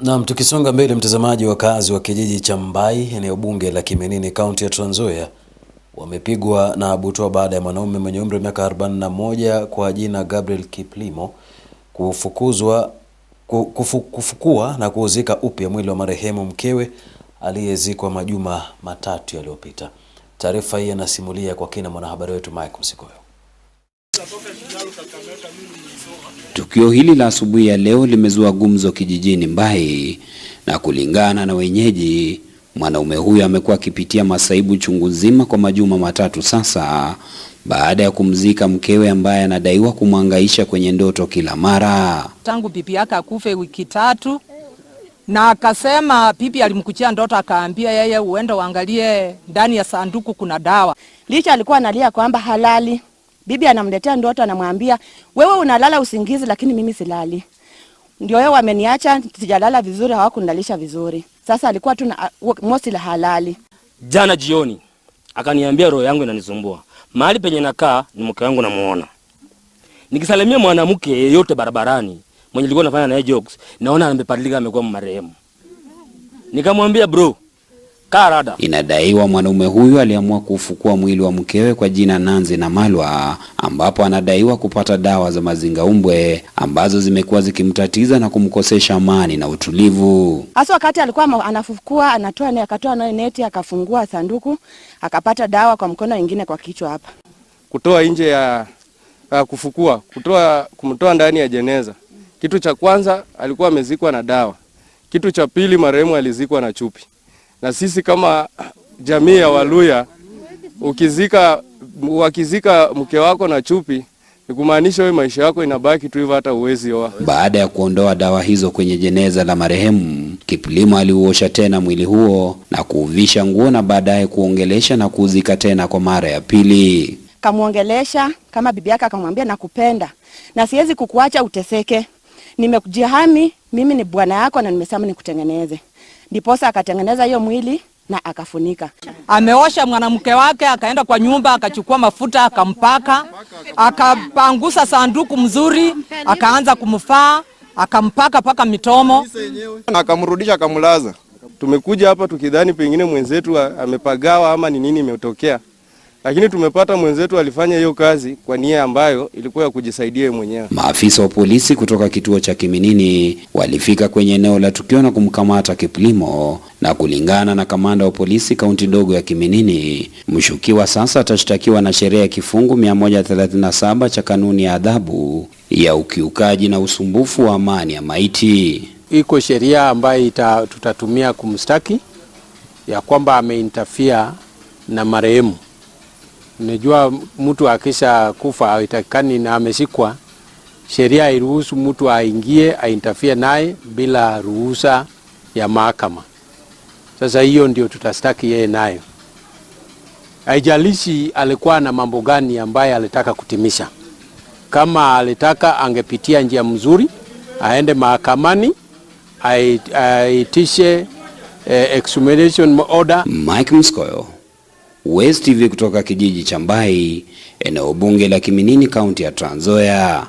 Naam, tukisonga mbele mtazamaji, wakazi wa kijiji cha Mbai eneo bunge la Kiminini kaunti ya Trans Nzoia wamepigwa na butwaa baada ya mwanaume mwenye umri wa miaka 41 kwa jina Gabriel Kiplimo kufukuzwa kufu, kufukua na kuuzika upya mwili wa marehemu mkewe aliyezikwa majuma matatu yaliyopita. Taarifa hii anasimulia kwa kina mwanahabari wetu Mike Msikoyo. Tukio hili la asubuhi ya leo limezua gumzo kijijini Mbai, na kulingana na wenyeji, mwanaume huyo amekuwa akipitia masaibu chungu nzima kwa majuma matatu sasa, baada ya kumzika mkewe ambaye anadaiwa kumwangaisha kwenye ndoto kila mara tangu bibi yake akufe wiki tatu. Na akasema bibi alimkuchia ndoto, akaambia yeye uende uangalie ndani ya sanduku kuna dawa, licha alikuwa analia kwamba halali Bibi anamletea ndoto, anamwambia wewe unalala usingizi, lakini mimi silali. Ndio wao wameniacha, sijalala vizuri, hawakunilalisha vizuri. Sasa alikuwa tu uh, mosi la halali. Jana jioni akaniambia, roho yangu inanisumbua, mahali penye nakaa ni mke wangu, namuona nikisalimia mwanamke yeyote barabarani mwenye nilikuwa nafanya naye jokes, naona amebadilika, amekuwa marehemu. Nikamwambia bro Karada. Inadaiwa mwanaume huyu aliamua kufukua mwili wa mkewe kwa jina Nanzi na Malwa, ambapo anadaiwa kupata dawa za mazinga umbwe ambazo zimekuwa zikimtatiza na kumkosesha amani na utulivu. Hasa wakati alikuwa anafukua, anatoa akatoa nayo neti, akafungua sanduku, akapata dawa kwa mkono, wengine kwa kichwa. Hapa kutoa nje ya uh, kufukua, kutoa kumtoa ndani ya jeneza, kitu cha kwanza alikuwa amezikwa na dawa, kitu cha pili marehemu alizikwa na chupi na sisi kama jamii ya Waluya ukizika, wakizika mke wako na chupi ni kumaanisha wewe maisha yako inabaki tu hivyo, hata uwezi oa. Baada ya kuondoa dawa hizo kwenye jeneza la marehemu, Kiplimo aliuosha tena mwili huo na kuuvisha nguo na baadaye kuongelesha na kuuzika tena kwa mara ya pili. Kamwongelesha kama bibi yake, akamwambia nakupenda na siwezi kukuacha uteseke, nimekujihami, mimi ni bwana yako na nimesema nikutengeneze ndiposa akatengeneza hiyo mwili na akafunika. Ameosha mwanamke wake, akaenda kwa nyumba, akachukua mafuta, akampaka, akapangusa sanduku mzuri, akaanza kumfaa, akampaka paka mitomo, akamrudisha, akamlaza. Tumekuja hapa tukidhani pengine mwenzetu amepagawa ama ni nini imetokea lakini tumepata mwenzetu alifanya hiyo kazi kwa nia ambayo ilikuwa ya kujisaidia yeye mwenyewe. Maafisa wa polisi kutoka kituo cha Kiminini walifika kwenye eneo la tukio na kumkamata Kiplimo, na kulingana na kamanda wa polisi kaunti ndogo ya Kiminini, mshukiwa sasa atashtakiwa na sheria ya kifungu 137 cha kanuni ya adhabu ya ukiukaji na usumbufu wa amani ya maiti. Iko sheria ambayo tutatumia kumstaki ya kwamba ameinterfere na marehemu Najua mtu akisha kufa haitakikani na ameshikwa, sheria hairuhusu mtu aingie aintafie naye bila ruhusa ya mahakama. Sasa hiyo ndio tutastaki yeye nayo, haijalishi alikuwa na mambo gani ambaye alitaka kutimisha. Kama alitaka angepitia njia mzuri, aende mahakamani aitishe eh, exhumation order. Mike Mskoyo West TV kutoka kijiji cha Mbai, eneo bunge la Kiminini, kaunti ya Trans Nzoia.